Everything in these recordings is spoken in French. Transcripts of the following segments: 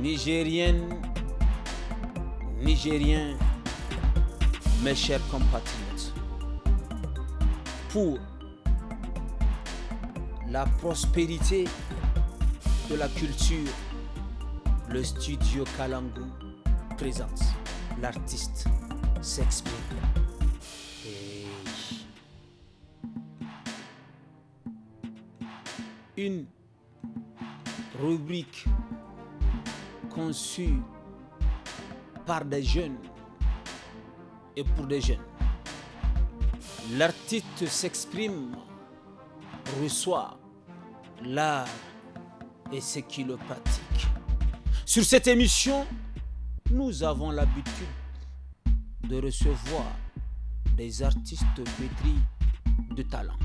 Nigériennes, Nigériens, mes chers compatriotes, pour la prospérité de la culture, le studio Kalangu présente l'artiste s'exprime. Une rubrique conçu par des jeunes et pour des jeunes. L'artiste s'exprime, reçoit l'art et ce qui le pratique. Sur cette émission, nous avons l'habitude de recevoir des artistes pétris de talent,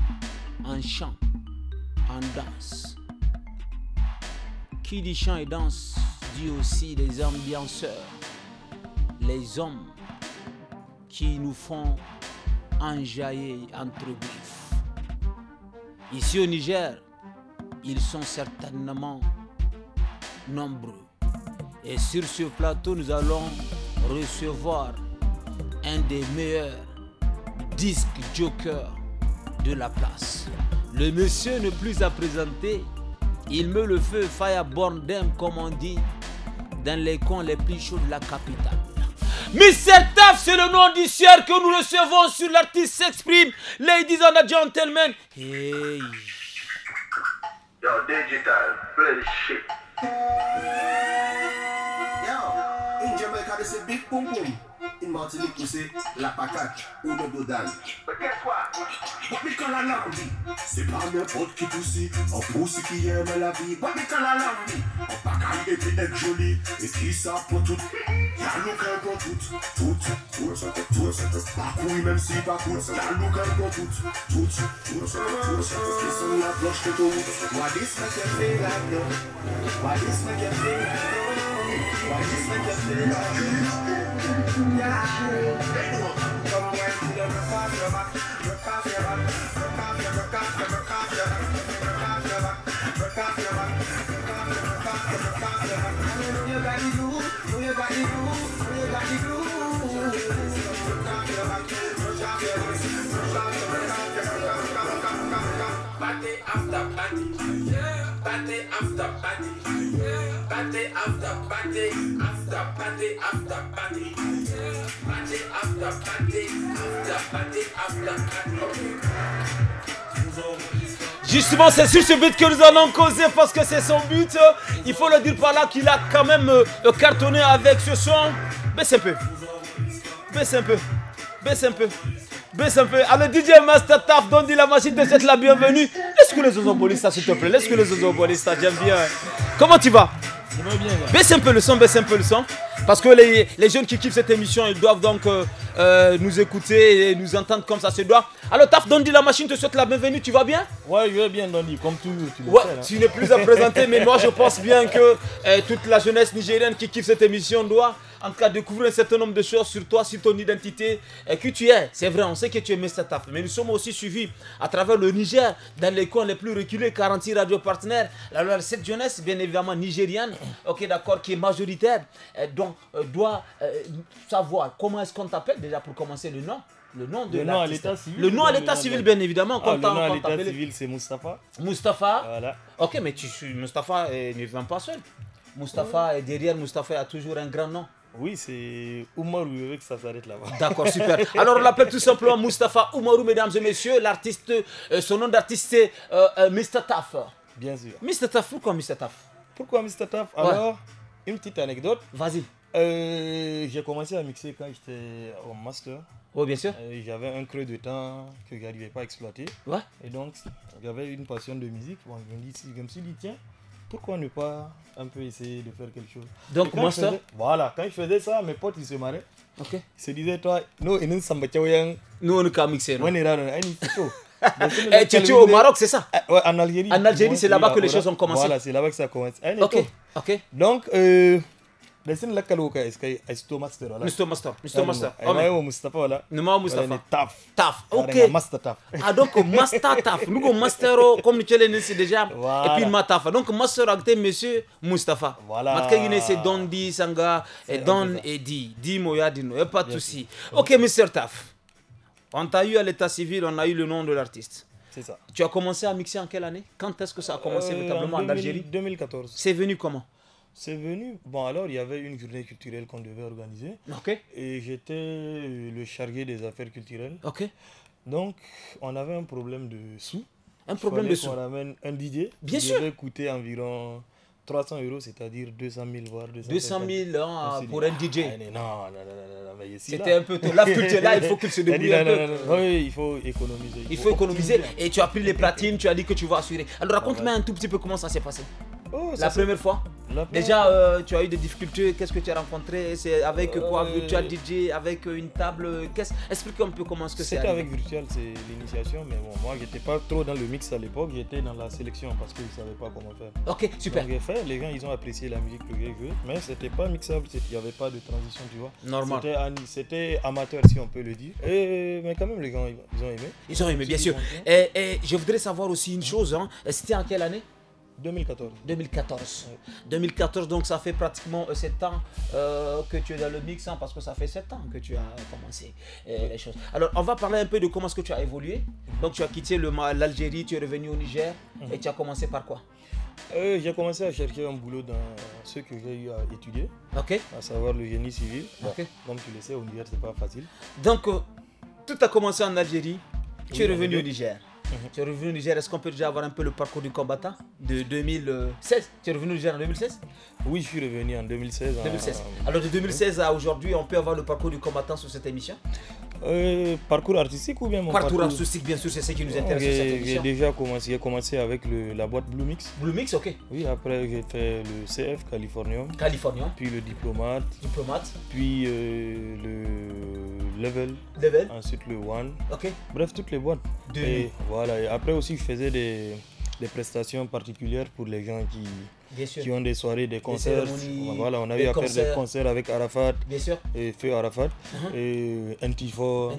en chant, en danse. Qui dit chant et danse aussi les ambianceurs, les hommes qui nous font enjailler entre griffes. Ici au Niger, ils sont certainement nombreux. Et sur ce plateau, nous allons recevoir un des meilleurs disques joker de la place. Le monsieur ne plus à présenter. Il met le feu Fireborn Dem, comme on dit, dans les coins les plus chauds de la capitale. Mr. Taf, c'est le nom du ciel que nous recevons sur l'artiste s'exprime. Ladies and gentlemen. Hey. Yo, digital, play shit. Yo, in Jamaica, they say big boom boom. In Martinique, we say la patate ou le dodan. But What call a lambi? C'est pas n'importe qui poussi, un pousse qui aime la vie. What call a lambi? Un bagage et puis être joli, et qui ça pour tout? Y'a l'aucun pour tout, tout, tout, tout, Bakoui même si bakoui, y'a l'aucun pour tout, tout, tout, tout, Qui sont la cloche de tout? Why this make you feel like no? Why this make you feel like no? Why come on, come on, come on, come on, come on, you you Party after party, Party after party, Party after party, after party after party, Party after party, after party after party. Justement, c'est sur ce but que nous allons causer parce que c'est son but. Il faut le dire par là qu'il a quand même euh, cartonné avec ce son. Baisse un peu. Baisse un peu. Baisse un peu. Baisse un peu. Allez, DJ Master Taf, Dondi la machine te souhaite la bienvenue. Laisse que les ozobolistas, s'il te plaît. Laisse que les ozobolistas, j'aime bien. Comment tu vas Bien, baisse un peu le son, baisse un peu le son. Parce que les, jeunes qui kiffent cette émission, ils doivent donc euh, euh, nous écouter et nous entendre comme ça se doit. Alors, Taf Dondi, la machine te souhaite la bienvenue. Tu vas bien Ouais, je vais bien, Dondi, comme toujours. Tu, hein. n'es plus à présenter, mais moi, je pense bien que euh, toute la jeunesse nigérienne qui kiffe cette émission doit en tout cas découvrir un certain nombre de choses sur toi, sur ton identité, et euh, qui tu es. C'est vrai, on sait que tu es cette Taf, mais nous sommes aussi suivis à travers le Niger, dans les coins les plus reculés, 46 radio partenaires. Alors cette jeunesse, bien évidemment nigérienne, ok d'accord, qui est majoritaire, donc doit savoir comment est-ce qu'on t'appelle déjà pour commencer le nom. Le nom de l'artiste. à l'état civil. Le nom à l'état civil, bien évidemment. quand ah, le nom à l'état civil, c'est Mustapha. Mustapha. Voilà. Ok, mais tu, Mustapha ne vient pas seul. Mustapha, est derrière Mustapha, a toujours un grand nom. Oui, c'est Oumarou, que ça s'arrête là-bas. D'accord, super. Alors, on l'appelle tout simplement Mustapha Oumarou, mesdames et messieurs. L'artiste, euh, son nom d'artiste, c'est euh, euh, Mr. Taf. Bien sûr. Mr. Taf, pourquoi Mr. Taf Pourquoi Mr. Taf Alors, une petite anecdote. Vas-y. Euh, j'ai commencé à mixer quand j'étais au master. Oh, bien sûr. Euh, j'avais un creux de temps que je n'arrivais pas à exploiter. Ouais. Et donc, j'avais une passion de musique. Bon, je, me dis, suis dit, tiens, pourquoi ne pas un peu essayer de faire quelque chose Donc, master Voilà, quand je faisais ça, mes potes, ils se marraient. Ok. Ils se disaient, toi, nous, nous sommes Nous, on ne peut mixer. on est là, eh, eh, tu es au Maroc, c'est ça eh, ouais, en Algérie. En Algérie, c'est là-bas que les choses ont commencé. Voilà, c'est là-bas que ça commence. Ok, ok. Donc, euh, mais c'est sin lakkal ka iskai isto master wala isto master isto master o mai wo mustafa wala ni ma mustafa ni taf taf ok master taf ah donc master taf nous go mastero comme tu l'as dit déjà et puis ma taf donc master acte monsieur mustafa voilà matka yine c'est don di sanga et don Edi, di di moya dino et pas de souci ok monsieur taf on t'a eu à l'état civil on a eu le nom de l'artiste c'est ça. Tu as commencé à mixer en quelle année Quand est-ce que ça a commencé euh, véritablement en Algérie 2014. C'est venu comment c'est venu. Bon, alors, il y avait une journée culturelle qu'on devait organiser. Ok. Et j'étais le chargé des affaires culturelles. Ok. Donc, on avait un problème de sous. Un problème de sous. On ramène un DJ. Bien sûr Il devait coûter environ 300 euros, c'est-à-dire 200 000 voire 200 000. 200 000 pour un ah, DJ. Non, non, non, non, non C'était un peu trop. La culture là, il faut qu'il se débrouille un peu. Oui, il faut économiser. Il, faut, économiser. Et tu as pris les platines, tu as dit que tu vas assurer. Alors raconte-moi un tout petit peu comment ça s'est passé. Oh, la première fois Déjà, euh, tu as eu des difficultés, qu'est-ce que tu as rencontré C'est avec euh, quoi Virtual DJ, avec euh, une table qu'est-ce... Explique un peu comment ce que c'est. C'était avec Virtual, c'est l'initiation, mais bon, moi j'étais pas trop dans le mix à l'époque, j'étais dans la sélection parce qu'ils ne savaient pas comment faire. Ok, super. Donc, les gens ils ont apprécié la musique que j'ai vue, mais c'était pas mixable, il n'y avait pas de transition, tu vois. Normal. C'était, amateur si on peut le dire. mais quand même, les gens ils ont aimé. Ils ont aimé, bien sûr. Et, je voudrais savoir aussi une chose, hein. c'était en quelle année 2014. 2014. 2014, donc ça fait pratiquement 7 euh, ans euh, que tu es dans le mix, hein, parce que ça fait 7 ans que tu as commencé euh, les choses. Alors, on va parler un peu de comment est-ce que tu as évolué. Mhm. Donc, tu as quitté l'Algérie, tu es revenu au Niger, mhm. et tu as commencé par quoi J'ai commencé à chercher un boulot dans ce que j'ai eu à étudier, à savoir le génie civil. Okay. comme tu le sais, au Niger, c'est pas facile. Donc, tout a commencé en Algérie, tu es revenu au Niger. Mhm. Tu es revenu au Niger, est-ce qu'on peut déjà avoir un peu le parcours du combattant de 2016 Tu es revenu au Niger en 2016 Oui, je suis revenu en 2016. 2016. Hein. Alors de 2016 à aujourd'hui, on peut avoir le parcours du combattant sur cette émission euh, Parcours artistique ou bien mon parcours, parcours... artistique, bien sûr, c'est ce qui nous intéresse cette émission. J'ai déjà commencé, commencé avec la boîte Blue Mix. Blue Mix, ok. Oui, après j'ai fait le CF Californium. Californium. Puis le diplomate. Diplomate. Puis euh, le level, level. ensuite le one. Bref, toutes les boîtes. Et voilà. Et après aussi, je faisais des, prestations particulières pour les gens qui, ont des soirées, des concerts. voilà, on a eu à faire des concerts avec Arafat. Et Feu Arafat. Uh-huh. Et Antifor.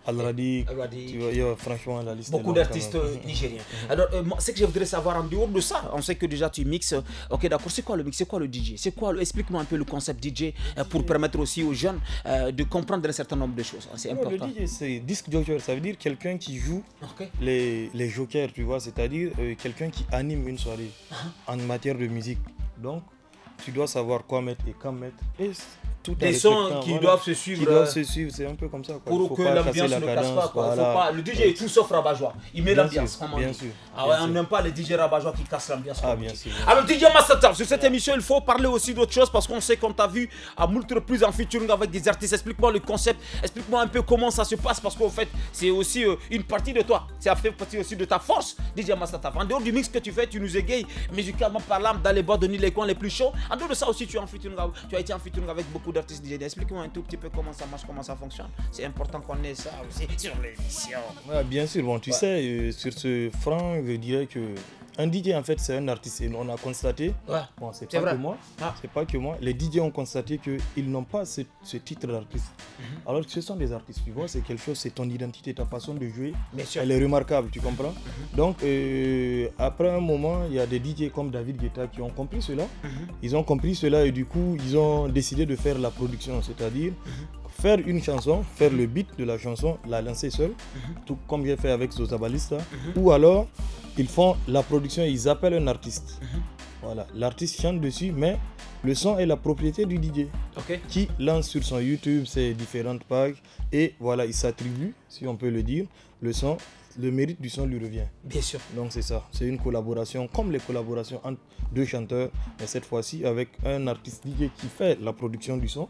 Eh, Al radi il y franchement, la liste Beaucoup d'artistes euh, nigériens. Alors, euh, ce que je voudrais savoir en dehors de ça, on sait que déjà tu mixes. Ok, d'accord, c'est quoi le mix C'est quoi le DJ C'est quoi Explique-moi un peu le concept DJ euh, pour permettre aussi aux jeunes de comprendre un certain nombre de choses. Ah, c'est important. le DJ, c'est disc joker. Ça veut dire quelqu'un qui joue les, les, jokers, tu vois. C'est-à-dire quelqu'un qui anime une soirée ah. en matière de musique. Donc, tu dois savoir quoi mettre et quand mettre tout les sons qui doivent se suivre. Qui doivent euh, se suivre, c'est un peu comme ça. Pour que l'ambiance ne casse pas, quoi. Faut pas. Le DJ est tout sauf rabat Il met l'ambiance. Bien, sûr. Ah ouais, on n'aime pas les DJ rabat qui cassent l'ambiance. Ah, bien sûr. Alors, DJ Massata, sur cette émission, il faut parler aussi d'autre chose parce qu'on sait qu'on t'a vu à moult reprises en featuring avec des artistes. Explique-moi le concept, explique-moi un peu comment ça se passe parce qu'en fait, c'est aussi euh, une partie de toi. C'est à fait partie aussi de ta force, DJ Massata. En dehors du mix que tu fais, tu nous égayes musicalement parlant dans les bords de Nîmes, les coins les plus chauds. En dehors de ça aussi, tu, es en featuring, tu as été featuring avec beaucoup Explique-moi un tout petit peu comment ça marche, comment ça fonctionne. C'est important qu'on ait ça aussi sur l'émission. bien sûr, bon, tu sais, euh, sur ce franc, je dirais que un DJ, en fait, c'est un artiste. Et on a constaté, bon, c'est pas que moi, ah. c'est pas que moi, les DJ ont constaté qu'ils n'ont pas ce, titre d'artiste. Mhm. Alors que ce sont des artistes, tu vois, c'est quelque chose, c'est ton identité, ta façon de jouer, elle est remarquable, tu comprends mhm. Donc, euh, après un moment, il y a des DJ comme David Guetta qui ont compris cela. Mhm. Ils ont compris cela et du coup, ils ont décidé de faire la production, c'est-à-dire faire une chanson, faire le beat de la chanson, la lancer seule, mhm. tout comme j'ai fait avec Zotabalista. Mhm. Ou alors, ils font la production, ils appellent un artiste. Mhm. Voilà, l'artiste chante dessus, mais le son est la propriété du DJ qui lance sur son YouTube ses différentes pages et voilà, il s'attribue, si on peut le dire, le son, le mérite du son lui revient. Bien sûr. Donc c'est ça, c'est une collaboration comme les collaborations entre deux chanteurs, mais cette fois-ci avec un artiste DJ qui fait la production du son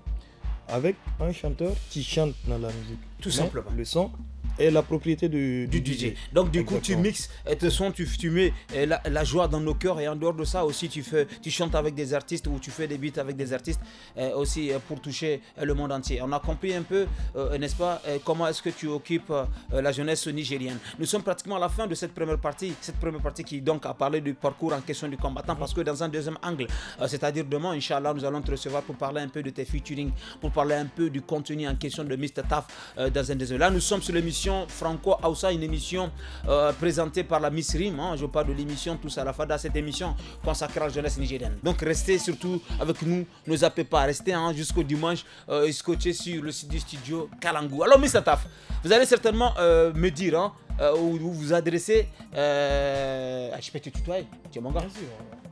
avec un chanteur qui chante dans la musique. Tout simplement. le son et la propriété du, DJ. Donc du coup, tu mixes et te tu, mets euh, la, joie dans nos cœurs et en dehors de ça aussi, tu fais, tu chantes avec des artistes ou tu fais des beats avec des artistes euh, aussi euh, pour toucher le monde entier. On a compris un peu, n'est-ce pas, comment est-ce que tu occupes la jeunesse nigérienne. Nous sommes pratiquement à la fin de cette première partie, cette première partie qui donc a parlé du parcours en question du combattant parce que dans un deuxième angle, c'est-à-dire demain, Inch'Allah, nous allons te recevoir pour parler un peu de tes featuring, pour parler un peu du contenu en question de Mr. Taf dans un deuxième. Là, nous sommes sur l'émission Franco Aoussa, une émission euh, présentée par la Miss Rim. Hein. je parle de l'émission Tous à la Fada, cette émission consacrée à la jeunesse nigérienne. Donc restez surtout avec nous, ne zappez pas, restez hein, jusqu'au dimanche euh, sur le site du studio Kalangu. Alors Miss Taf vous allez certainement euh, me dire hein, euh, où vous vous adressez. Ah, je peux te tutoyer, tu es mon gars.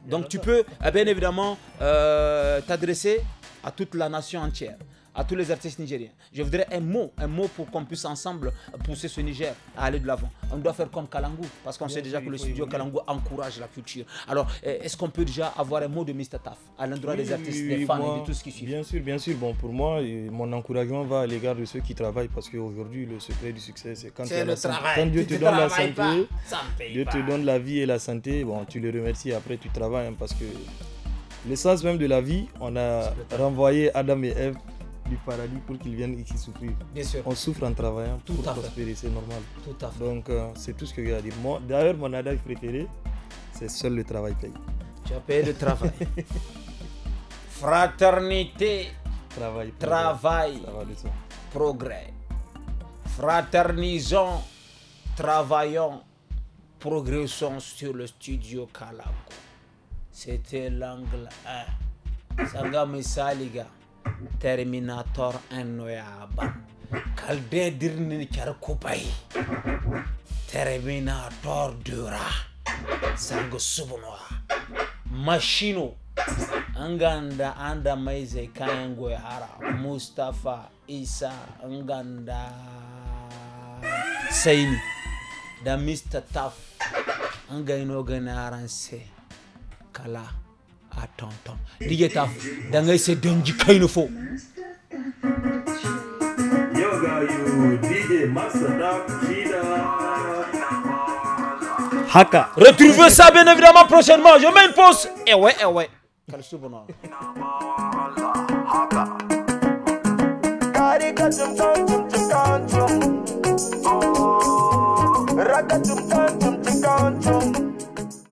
Donc tu peux bien évidemment t'adresser à toute la nation entière à tous les artistes nigériens. Je voudrais un mot, un mot pour qu'on puisse ensemble pousser ce Niger à aller de l'avant. On doit faire comme Kalangu, parce qu'on sait déjà que le studio Kalangu encourage la culture. Alors, eh, est-ce qu'on peut déjà avoir un mot de Mr. Taf à l'endroit des artistes, des fans et de tout ce qui suit Bien sûr, bien sûr. Bon, pour moi, mon encouragement va à l'égard de ceux qui travaillent, parce qu'aujourd'hui, le secret du succès, c'est quand, Dieu te, donne la santé, Dieu te donne la vie et la santé, bon, tu le remercies, après tu travailles, hein, parce que l'essence même de la vie, on a renvoyé Adam et Ève du paradis pour qu'ils viennent ici souffrir. Bien sûr. On souffre en travaillant tout pour prospérer, c'est normal. Tout à fait. Donc, euh, c'est tout ce que j'ai à dire. Moi, d'ailleurs, mon adage préféré, c'est seul le travail paye. Tu as le travail. Fraternité. Travail. Travail. travail progrès. Fraternisons, travaillons, progressons sur le studio Kalako. C'était l'angle 1. Sangame Saliga. Terminator annoyaba kalde dirni char Terminator dura sango subunwa mashino nganda anda maize kayan hara Mustafa Isa nganda saini da Mr. Taf an gaino ganaranse kala attends, attends. Ligeta, da ngay se denji kayno fo. Haka. Retrouvez ça bien évidemment prochainement. Je mets une pause. Eh ouais, eh ouais. Quel souvenir. Haka.